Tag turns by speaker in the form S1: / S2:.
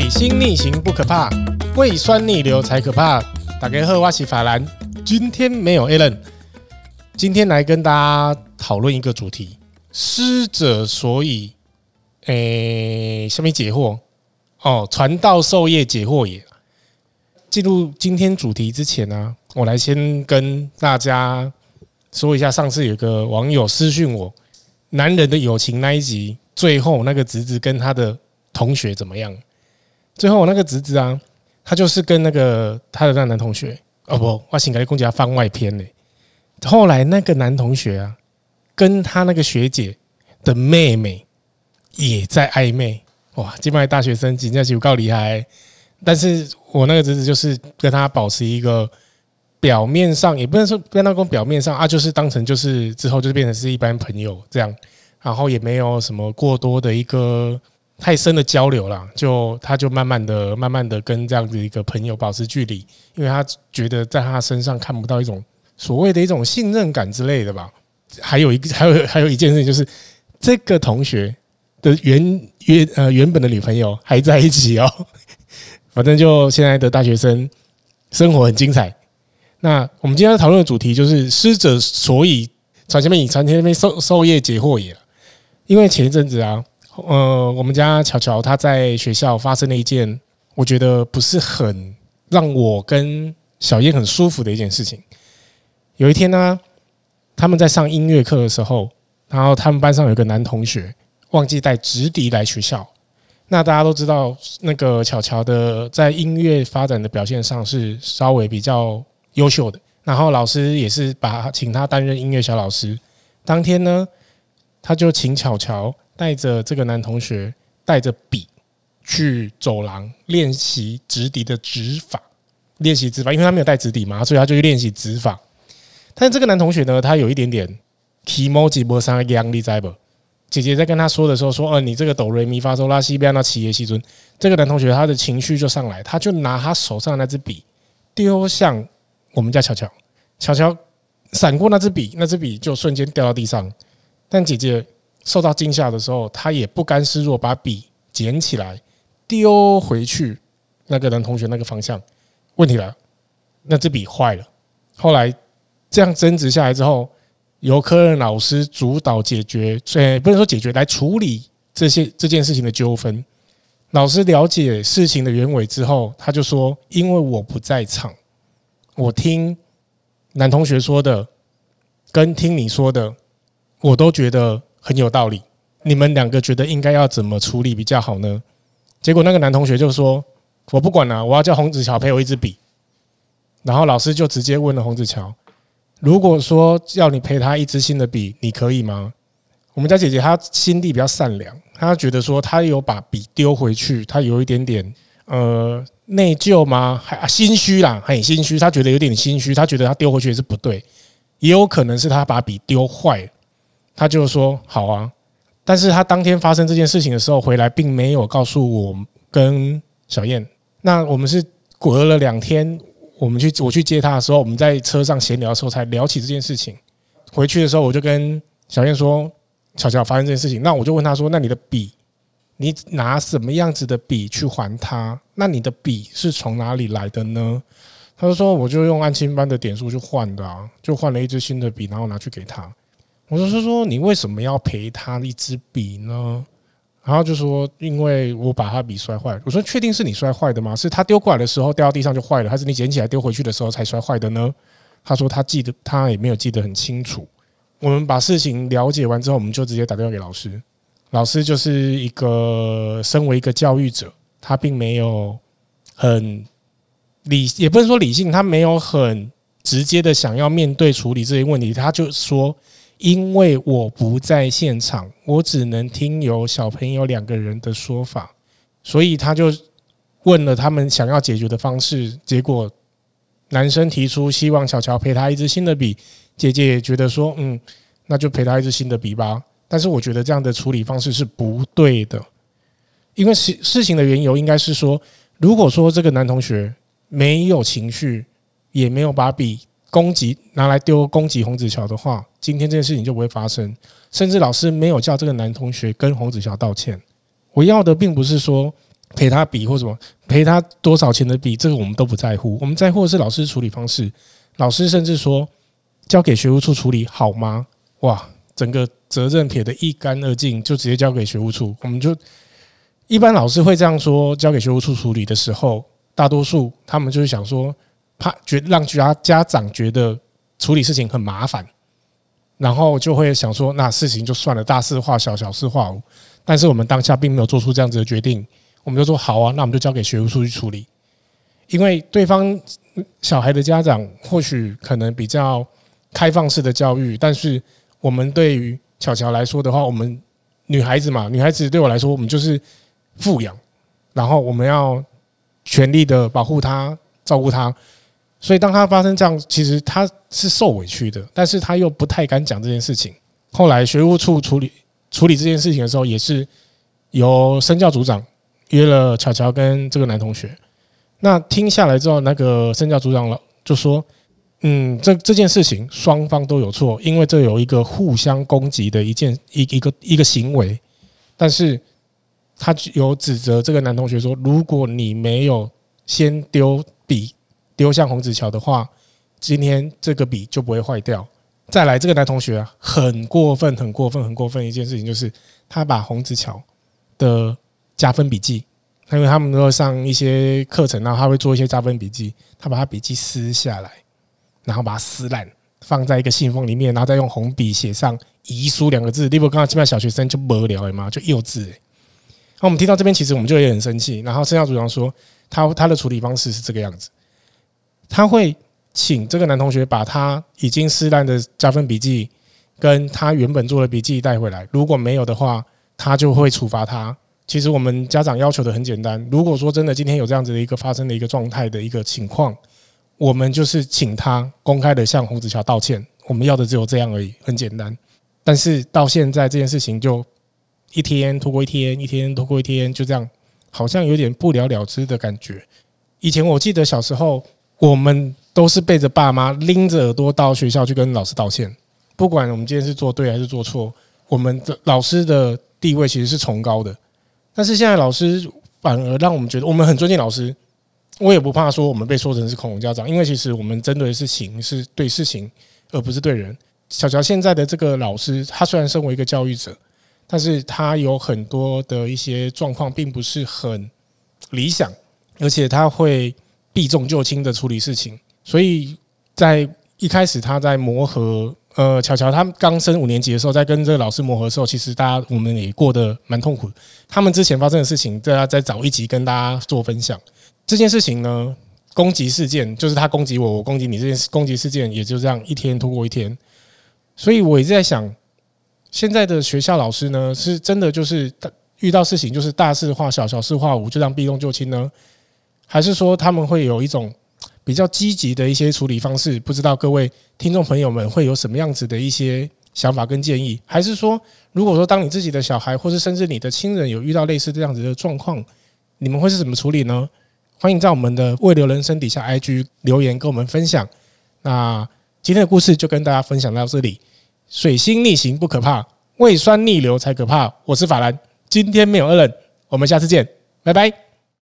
S1: 水星逆行不可怕，胃酸逆流才可怕。大家好，我是法蘭。今天沒有艾倫。今天來跟大家討論一個主題：師者所以。誒，下面解惑哦，傳道授業解惑也。進入今天主題之前呢、啊，我來先跟大家說一下，上次有個網友私訊我，男人的友情那一集，最後那個侄子跟他的同學怎麼樣？最後，我那個侄子啊，他就是跟那個他的那個男同學，哦不，我先講一下番外篇呢、欸。後來那個男同學啊，跟他那個學姐的妹妹也在曖昧，哇！基本上大學生真的是有夠厲害、欸。但是我那個侄子就是跟他保持一個表面上，也不能說跟他講表面上啊，就是當成就是之後就是變成是一般朋友這樣，然後也沒有什麼過多的一個。太深的交流了，就他就慢慢的、慢慢的跟這樣子一個朋友保持距離，因為他覺得在他身上看不到一種所謂的一種信任感之類的吧。還有一個、還有、還有一件事情就是，這個同學的原原呃原本的女朋友還在一起哦。反正就現在的大學生生活很精彩。那我們今天要討論的主題就是“師者，所以傳前面以傳前面授授業解惑也”，因為前一陣子啊。呃，我們家巧巧他在學校發生了一件我覺得不是很讓我跟小燕很舒服的一件事情。有一天呢，啊，他們在上音樂課的時候，然後他們班上有一個男同學忘記帶直笛來學校。那大家都知道，那個巧巧的在音樂發展的表現上是稍微比較優秀的，然後老師也是把請他擔任音樂小老師。當天呢，他就請巧巧。帶着這個男同學，帶着筆去走廊練習直笛的指法，練習指法，因為他沒有帶直笛嘛，所以他就去練習指法。但這個男同學呢，他有一點點。你知道不姐姐在跟他說的時候說：“，呃，你這個哆瑞咪發嗦拉西邊按到七耶西尊。”這個男同學他的情緒就上來，他就拿他手上的那支筆丟向我們家喬喬，喬喬閃過那支筆，那支筆就瞬間掉到地上，但姐姐。受到驚嚇的時候，他也不甘示弱，把筆撿起來丟回去那個男同學那個方向。問題來了，那支筆壞了。後來這樣爭執下來之後，由科任老師主導解決，欸，不能說解決，來處理這些這件事情的糾紛。老師了解事情的原委之後，他就說：“因為我不在場，我聽男同學說的，跟聽你說的，我都覺得。”很有道理，你們兩個覺得應該要怎麼處理比較好呢？結果那個男同學就說：“我不管了，啊，我要叫洪子喬賠我一支筆。”然後老師就直接問了洪子喬：“如果說要你賠他一支新的筆，你可以嗎？”我們家姐姐她心地比較善良，她覺得說她有把筆丟回去，她有一點點呃內疚嗎？還心虛啦，很心虛，她覺得有點心虛，她覺得她丟回去也是不對，也有可能是她把筆丟壞了。他就說好啊，但是他當天發生這件事情的時候回來，並沒有告訴我跟小燕。那我們是隔了兩天，我們去我去接他的時候，我們在車上閒聊的時候才聊起這件事情。回去的時候，我就跟小燕說巧巧發生這件事情，那我就問他說，那你的筆，你拿什麼樣子的筆去還他？那你的筆是從哪裡來的呢？他就說我就用安親班的點數去換的啊，就換了一支新的筆，然後拿去給他。我就說，說，你為什麼要賠他一支筆呢？然後就說，因為我把他筆摔壞了。我說，確定是你摔壞的嗎？是他丟過來的時候掉到地上就壞了，還是你撿起來丟回去的時候才摔壞的呢？他說，他記得，他也沒有記得很清楚。我們把事情了解完之後，我們就直接打電話給老師。老師就是一個身為一個教育者，他並沒有很理，也不能說理性，他沒有很直接的想要面對處理這些問題。他就說。因為我不在現場，我只能聽有小朋友兩個人的說法，所以他就問了他們想要解決的方式。結果男生提出希望小喬賠他一支新的筆，姐姐也覺得說，嗯，那就賠他一支新的筆吧。但是我覺得這樣的處理方式是不對的，因為事事情的緣由應該是說，如果說這個男同學沒有情緒，也沒有把筆。攻擊拿來丟攻擊洪子喬的話，今天這件事情就不會發生。甚至老師沒有叫這個男同學跟洪子喬道歉。我要的並不是說賠他筆或什麼，賠他多少錢的筆，這個我們都不在乎。我們在乎的是老師處理方式。老師甚至說交給學務處處理好嗎？哇，整個責任撇得一乾二淨，就直接交給學務處。我們就一般老師會這樣說，交給學務處處理的時候，大多數他們就是想說。怕覺讓其他家長覺得處理事情很麻煩，然後就會想說：那事情就算了，大事化小，小事化無。但是我們當下並沒有做出這樣子的決定，我們就說好啊，那我們就交給學務處去處理。因為對方小孩的家長或許可能比較開放式的教育，但是我們對於巧巧來說的話，我們女孩子嘛，女孩子對我來說，我們就是富養，然後我們要全力的保護她，照顧她。所以，當他發生這樣，其實他是受委屈的，但是他又不太敢講這件事情。後來學務處處理處理這件事情的時候，也是由生教組長約了巧巧跟這個男同學。那聽下來之後，那個生教組長了，就說：“嗯，這這件事情雙方都有錯，因為這有一個互相攻擊的一件一一個一個，一個行為。但是他有指責這個男同學說，如果你沒有先丟筆。”丟向洪子喬的話，今天這個筆就不會壞掉。再來，這個男同學、啊、很過分，很過分，很過分！一件事情就是，他把洪子喬的加分筆記，因為他們都上一些課程，然後他會做一些加分筆記，他把他筆記撕下來，然後把它撕爛，放在一個信封裡面，然後再用紅筆寫上遺書兩個字。例如，剛剛這邊小學生就無聊了嘛，就幼稚、欸。那我們聽到這邊，其實我們就也很生氣。然後，剩耀組長說，他他的處理方式是這個樣子。他會請這個男同學把他已經撕爛的加分筆記跟他原本做的筆記帶回來。如果沒有的話，他就會處罰他。其實我們家長要求的很簡單。如果說真的今天有這樣子的一個發生的一個狀態的一個情況，我們就是請他公開的向洪子喬道歉。我們要的只有這樣而已，很簡單。但是到現在這件事情就一天拖過一天，一天拖過一天，就這樣，好像有點不了了之的感覺。以前我記得小時候，我們都是背着爸媽，拎着耳朵到學校去跟老師道歉。不管我們今天是做對還是做錯，我們的老師的地位其實是崇高的。但是現在老師反而讓我們覺得，我們很尊敬老師。我也不怕說我們被說成是恐龍家長，因為其實我們針對的是形，是對事情，而不是對人。小喬現在的這個老師，他雖然身為一個教育者，但是他有很多的一些狀況並不是很理想，而且他會。避重就輕的處理事情，所以在一開始他在磨合，呃，巧巧他們剛升五年級的時候，在跟這個老師磨合的時候，其實大家我們也過得蠻痛苦。他們之前發生的事情，大家在找一集跟大家做分享。這件事情呢，攻擊事件就是他攻擊我，我攻擊你，這件事攻擊事件也就這樣一天拖過一天。所以我一直在想，現在的學校老師呢，是真的就是遇到事情就是大事化小，小事化無，就這樣避重就輕呢？還是說他們會有一種比較積極的一些處理方式？不知道各位聽眾朋友們會有什麼樣子的一些想法跟建議？還是說，如果說當你自己的小孩，或是甚至你的親人有遇到類似這樣子的狀況，你們會是怎麼處理呢？歡迎在我們的胃流人生底下 IG 留言跟我們分享。那今天的故事就跟大家分享到這裡。水星逆行不可怕，胃酸逆流才可怕。我是法蘭，今天沒有惡冷，我們下次見，拜拜。